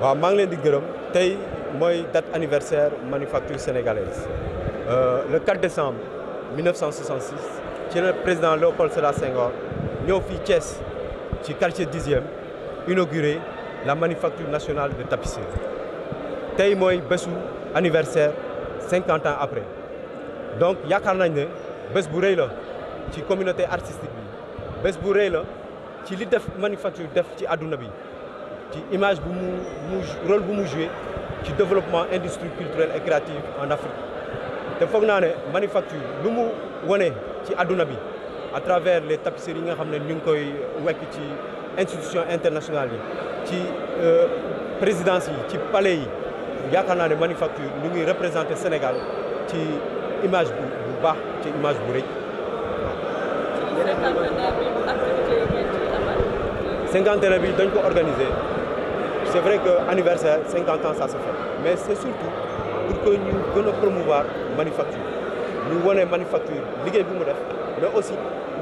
waaw maa ngi leen di gërëm tey mooy date anniversaire manufacture sénégalaise euh, le 4 décembre 1966 ci la président Léopold Sédar Senghor ñëw fii cees ci quartier dixième inauguré la manufacture nationale de tapisserie tey mooy bésu anniversaire cinquante ans après donc yaakaar nañ ne bés bu rëy la ci communauté artistique bi bés bu rëy la ci li def manufacture def ci àdduna bi ci image bu mu mu bu mu joué ci développement industrie culturelle et créative en Afrique te foog naa ne manufacture lu mu wone ci adduna bi à travers les tapisseries yi nga xam ne ñu ngi koy wekk ci institution internationale yi ci euh, présidence yi ci palé yi yaakaar naa ne manufacture ñu ngi représenté Sénégal ci image bu bu baax ci image bu rëy. 50 bi dañ ko organiser c'est vrai que anniversaire 50 ans ça se fait mais c'est surtout pour que ñu gën a promouvoir manufacture ñu wane manufacture liggéey bi mu def mais aussi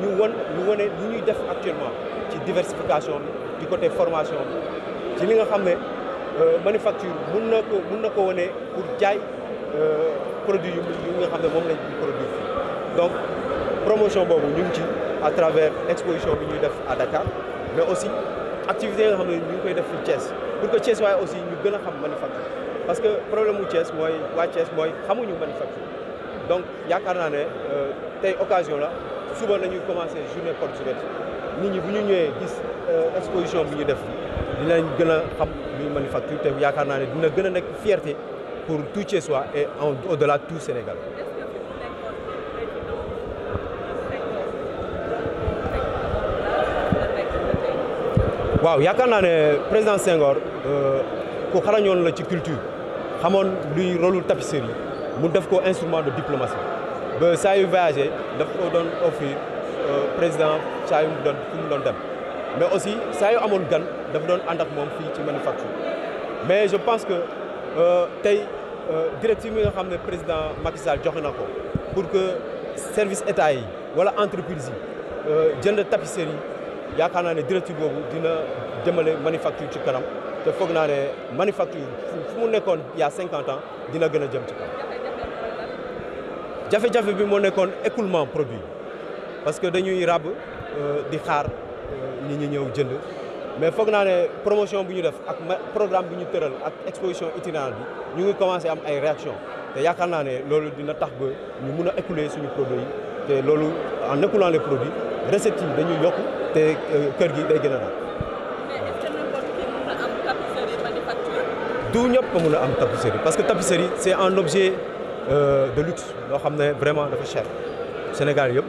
ñu won ñu wane li ñuy def actuellement ci diversification bi du côté formation bi ci li nga xam ne euh, manufacture mun na ko mun na ko wane pour jaay euh, produit yu nga xam ne moom lañ produit donc promotion boobu ñu ngi ci à travers exposition bi ñuy def à Dakar mais aussi activité nga xam ne ñu ngi koy def fii Thiès pour que aussi ñu gën a xam manufacture parce que problème mu Thiès mooy waa Thiès mooy xamuñu manufacture donc yaakaar naa ne euh, tey occasion la suba nañuy commencé journée porte ouverte ni ñi bu ñu ñëwee gis euh, exposition bu ñu def dinañ gën a xam mani manufacture te yaakaar naa ne dina gën a nekk fierté pour tout Thiessois et au delà tout Sénégal waaw yaakaar naa ne président Senghor euh, ku xarañoon la ci culture xamoon luy rôle tapisserie mu def ko instrument de diplomatie ba saa yu voyagé daf ko doon offrir euh, président saa yu doon fu mu doon dem mais aussi saa yu amoon gan dafa doon ànd ak moom fii ci manufacture mais je pense que euh, tey directive bi nga xam ne président Macky Sall joxe na ko pour que service état yi wala entreprise yi jënd tapisserie yaakaar naa ne directive boobu dina jëmale manufacture ci kanam te foog naa ne manufacture fu mu nekkoon yaa y a dina gën a jëm ci kanam jafe-jafe bi moo nekkoon écoulement produit parce que dañuy ràbb euh, di xaar euh, nit ñi ñëw jënd mais foog naa ne promotion bu ñu def ak programme bu ñu tëral ak exposition itinérante bi ñu ngi commencé am ay réaction te yaakaar naa ne loolu dina tax ba ñu mun a écouler suñu produit yi te loolu en écoulant les produits yi dañuy yokk te eh, kër gi day gën a du ñëpp a mun am tapisserie parce que tapisserie c' est un objet euh, de luxe loo xam ne vraiment dafa cher Sénégal yëpp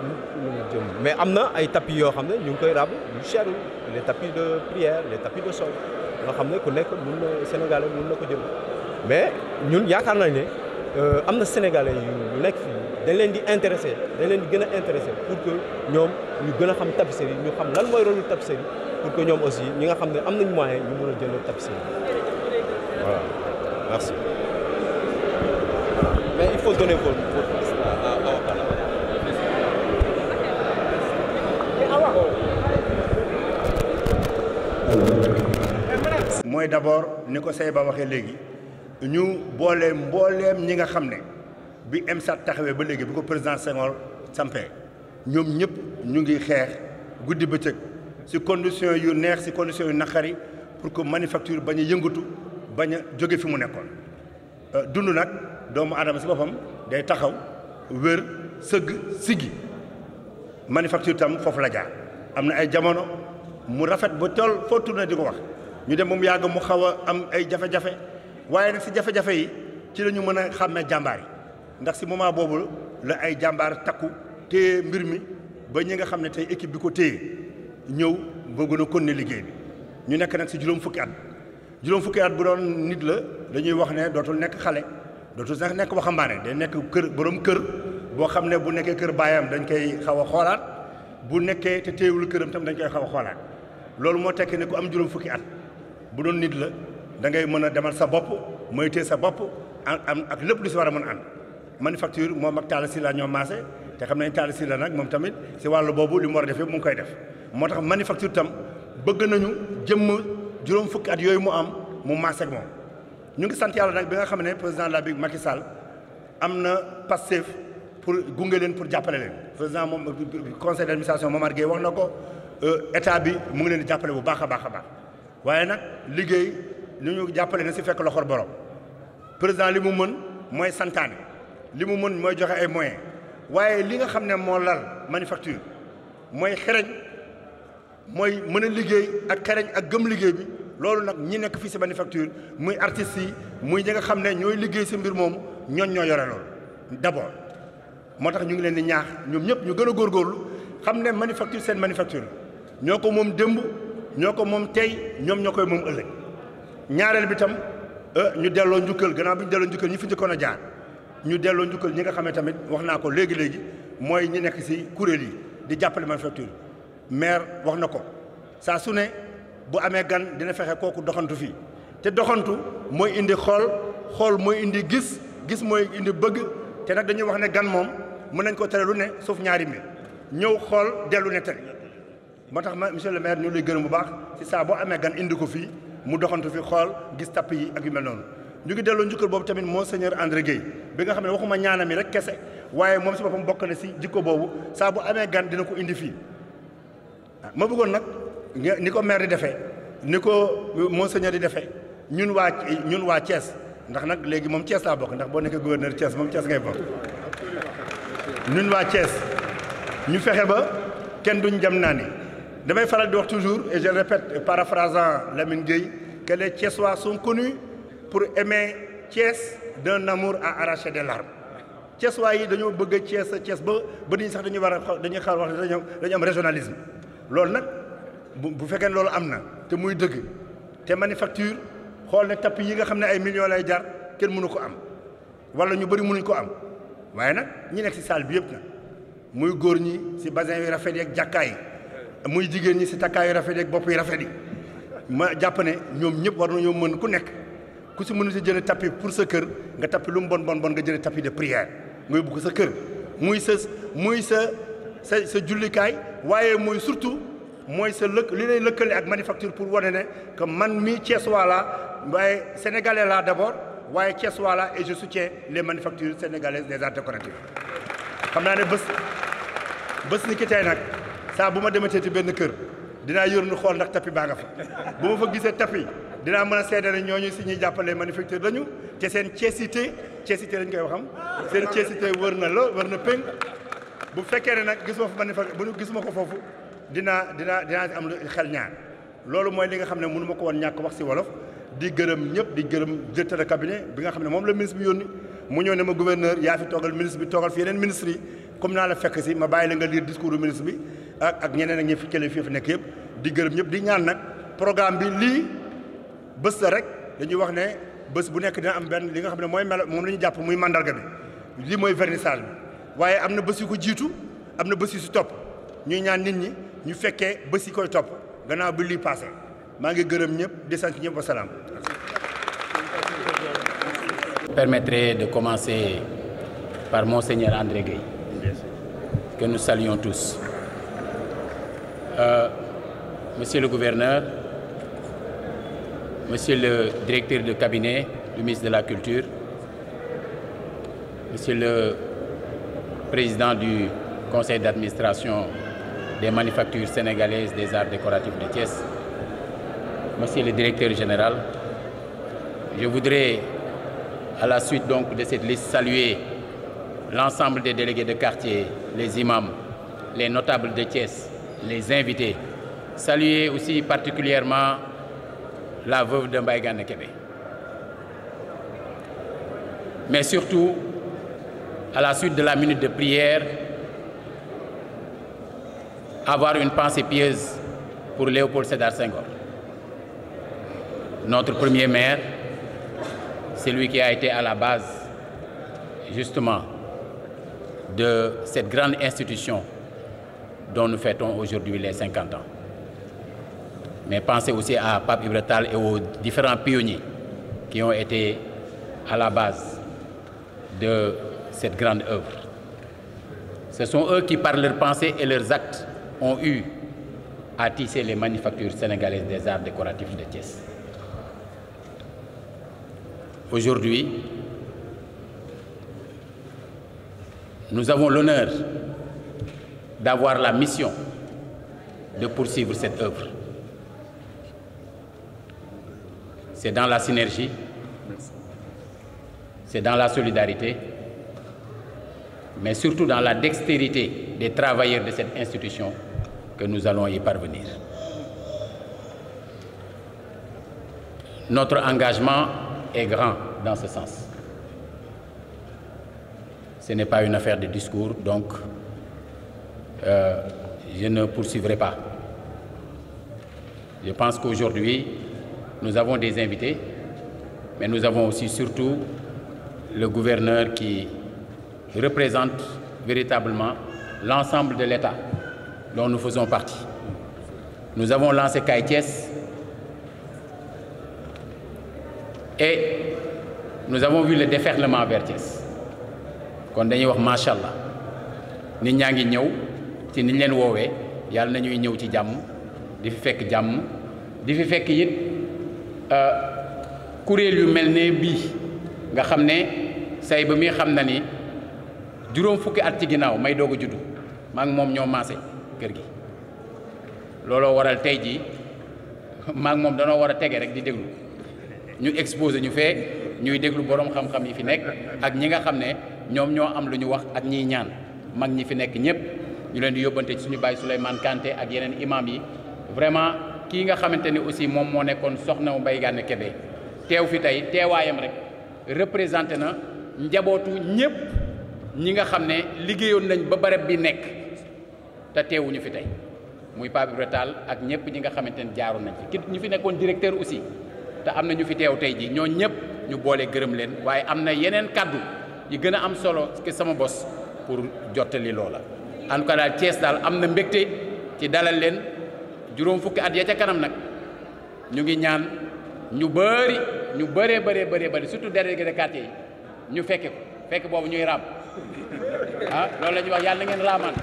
mais am na ay tapis yoo xam ne ñu ngi koy rab yu cherul les tapis de prière les tapis de sol nga xam ne ku nekk mun na Sénégalais mun na ko jël mais ñun yaakaar nañ ne euh, am na Sénégalais yu nekk fii. dañ leen di intéressé dañ leen di gën a intéressé pour que ñoom ñu gën a xam tapisserie yi ñu xam lan mooy rôle tapisserie pour que ñoom aussi ñi nga xam ne am nañ moyen ñu mun a jënd tapisserie voilà merci. mais il faut donner mooy d'abord ni ko Seyba waxee léegi ñu boole mbooleem ñi nga xam ne. bi EMSAT taxawee ba léegi bu ko président Senghor sampee ñoom ñëpp ñu ngi xeex guddi bëccëg ci condition yu neex ci condition yu naqari pour que manufacture bañ a bañ a jóge fi mu nekkoon euh, dund nag doomu aadama si boppam day taxaw wér sëgg siggi manufacture tam foofu la jaar am na ay jamono mu rafet ba tool foo tourné di ko wax ñu dem moom yàgg mu xaw a am ay jafe-jafe waaye nag ci jafe-jafe yi ci lañu mën a xàmmee jàmbaar yi ndax si moment boobu la ay jàmbaar takku te mbir mi ba ñi nga xam ne tey équipe bi ko téye ñëw ba gën a konne liggéey bi ñu nekk nag si juróom fukki at juróom fukki at bu doon nit la dañuy wax ne dootul nekk xale dootul sax nekk waxambaane day nekk kër borom kër boo xam ne bu nekkee kër baayam dañ koy xaw a xoolaat bu nekkee te téewul këram tam dañ koy xaw a xoolaat loolu moo tekki ne ku am juróom fukki at bu doon nit la da ngay mën a demal sa bopp mooy téye sa bopp am ak lépp lu si war a mën a ànd manufacture moom ak Talla Sylla ñoo maase te xam nañ Talla Sylla nag moom tamit si wàllu boobu lim mu war a def yëpp mu ngi koy def moo tax manufacture tam bëgg nañu jëmm juróom fukki at yooyu mu am mu maase moom ñu ngi sant yàlla nag bi nga xam ne président de la République Sall am na Pastef pour gunge leen pour jàppale leen président moom conseil d'administration Momar Gueye wax na ko euh, état bi mu ngi leen di jàppale bu baax a baax a baax waaye nag liggéey ñu ñu jàppale na si fekk loxor borom président li mu mën mooy santaane li mu mën mooy joxe ay moyens waaye li nga xam ne moo lal manufacture mooy xereñ mooy mën a liggéey ak xereñ ak gëm liggéey bi loolu nag ñi nekk fii si manufacture muy artistes yi muy ñi xam ne ñooy liggéey si mbir moomu ñooñ ñoo yore loolu d'abord moo tax ñu ngi leen di ñaax ñoom ñëpp ñu gën a góorlu xam ne manufacture seen manufacture ñoo ko moom dëmb ñoo ko moom tey ñoom ñoo koy moom ëllëg ñaareel bi tam euh, ñu delloo njukkal gannaaw bi ñu delloo njukkal ñu fi njëkkoon a jaar ñu delloo njukkal ñi nga xam tamit wax naa ko léegi léegi mooy ñu nekk ci kuréel yi di jàppale manufacture maire wax na ko saa su ne bu amee gan dina fexe kooku doxantu fii te doxantu mooy indi xool xool mooy indi gis gis mooy indi bëgg te nag dañuy wax ne gan moom mën nañ ko tere lu ne suuf ñaari mbir ñëw xool dellu ne tere moo tax ma monsieur le maire ñu lay gërëm bu baax ci saa boo amee gan indi ko fii mu doxantu fi xool gis tapp yi ak yu mel noonu ñu ngi delloo njukkal boobu tamit monseigneur André Guèye bi nga xam ne waxuma ñaanam yi rek kese waaye moom si boppam bokk na si jikko boobu saa bu amee gan dina ko indi fii ah, ma bëggoon nag ni ko maire di defee ni ko monseigneur di defe ñun waa ñun waa cees ndax nag léegi moom cees laa bokk ndax boo nekkee gouverneur Thiès moom Thiès ngay bokk ñun waa Thiès ñu fexe ba kenn duñ jam naa ni damay faral di wax toujours et je répète paraphrasant Lamine Gueye que les Thiessois sont pour aimer Thiès d'un amour à arracher de larmes Thiès waay dañoo bëgg Thiès Thiès ba ba dañu sax dañuy war a dañuy xaar wax dañu dañu am régionalisme loolu nag bu bu fekkee loolu am na te muy dëgg te manufacture xool ne tapp yi nga xam ne ay millions lay jar kenn mënu ko am wala ñu bëri mënuñ ko am waaye nag ñi nekk ci salle bi yëpp na muy góor ñi ci basin yu rafet yi ak jàkkaay yi muy jigéen ñi ci takkaay yu rafet yi ak bopp yi rafet yi ma jàpp ne ñoom ñëpp war nañoo mën ku nekk. ku si mënu si jëlee tapis pour sa kër nga tapis lu mu bon bon bon nga jëlee tapis de prière nga bugg sa kër muy sa muy sa sa sa jullikaay waaye mooy surtout mooy sa lëkk li lay lëkkalee ak manufacture pour wane ne que man mii Thiès waala waaye sénégalais laa d'abord waaye Thiès waala et je soutiens les manufactures sénégalaises des arts décoratifs xam naa ne bës bës ni ki nag saa bu ma dematee ci benn kër dinaa yór xool ndax tapis baa nga fa bu ma dinaa mën a seede ne ñu si ñu jàppalee manufacture lañu te seen ceesité ceesité lañ koy waxam seen ceesité wër na lo wër na péng bu fekkee ne nag gisuma fa manufacture bu gisuma ko foofu dinaa dinaa dinaa am xel ñaar loolu mooy li nga xam ne mënu ma ko woon ñàkk wax si wolof di gërëm ñëpp di gërëm directeur de cabinet bi nga xam ne moom la ministre bi yónni mu ñëw ne ma gouverneur yaa fi toogal ministre bi toogal fi yeneen ministre yi comme naa la fekk si ma bàyyi la nga lire discours du ministre bi ak ak ñeneen ak ñi fi kële nekk yëpp di gërëm ñëpp di ñaan nag bës la rek dañuy wax ne bés bu nekk dina am benn li nga xam ne mooy mel moom la jàpp muy mandarga bi lii mooy vernissage bi waaye am na bés yu ko jiitu am na bés yu si topp ñuy ñaan nit ñi ñu fekkee bés yi koy topp gannaaw bi lii passé maa ngi gërëm ñëpp di sant ñëpp wa salaam. permettrai de commencer par monseigneur André Gueye que nous saluons tous euh, monsieur le gouverneur Monsieur le directeur de cabinet du ministre de la Culture, Monsieur le président du conseil d'administration des manufactures sénégalaises des arts décoratifs de Thiès, Monsieur le directeur général, je voudrais, à la suite donc de cette liste, saluer l'ensemble des délégués de quartier, les imams, les notables de Thiès, les invités. Saluer aussi particulièrement la veuve de Mbaye Gana mais surtout à la suite de la minute de prière avoir une pensée pieuse pour Léopold Sédar Senghor notre premier maire c'est lui qui a été à la base justement de cette grande institution dont nous fêtons aujourd'hui les 50 ans mais pensez aussi à Pape Ibretal et aux différents pionniers qui ont été à la base de cette grande œuvre. Ce sont eux qui, par leurs pensées et leurs actes, ont eu à tisser les manufactures sénégalaises des arts décoratifs de Thiès. Aujourd'hui, nous avons l'honneur d'avoir la mission de poursuivre cette œuvre. c'est dans la synergie, c'est dans la solidarité, mais surtout dans la dextérité des travailleurs de cette institution que nous allons y parvenir. Notre engagement est grand dans ce sens. Ce n'est pas une affaire de discours, donc euh, je ne poursuivrai pas. Je pense qu'aujourd'hui, Nous avons des invités, mais nous avons aussi surtout le gouverneur qui représente véritablement l'ensemble de l'État dont nous faisons partie. Nous avons lancé Caïtiès et nous avons vu le déferlement vers Thiès kon dañuy wax macha allah nit ñaa ngi ñëw ci niñ leen woowee yàlla na ñuy ñëw ci jàmm di fi fekk jàmm di fi fekk it Euh, kuréel yu mel ne bii nga xam ne say ba muy xam na ni juróom fukki at ci ginnaaw may doog a juddu maa moom ñoo maase kër gi looloo waral tey jii maa moom danoo war a tege rek di déglu ñu exposé ñu fee ñuy déglu boroom xam-xam yi fi nekk ak ñi nga xam ne ñoom ñoo am lu ñu wax ak ñiy ñaan mag ñi fi nekk ñëpp ñu leen di yóbbante suñu baay Souleymane Kanté ak yeneen imam yi kii nga xamante ni aussi moom moo nekkoon soxna wu Mbaye Gane Kébé teew fi tey teewaayam rek représenté na njabootu ñëpp ñi nga xam ne liggéeyoon nañ ba barab bi nekk te teewuñu fi tey muy Pape Ibra ak ñëpp ñi nga xamante ni jaaroon nañ fi ki ñu fi nekkoon directeur aussi te am na ñu fi teew tey ji ñoo ñëpp ñu boolee gërëm leen waaye am na yeneen kàddu yi gën a am solo que sama bos pour jottali loola en tout daal Thiès daal am na mbégte ci dalal leen juróom fukki at ya ca kanam nag ñu ngi ñaan ñu bëri ñu bëree bëree bëree bëri surtout délégué de quartier yi ñu fekke ko boobu ñuy raam ah loolu la ñuy wax yàlla na ngeen raamaan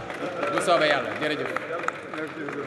bu soobee yàlla jërëjëf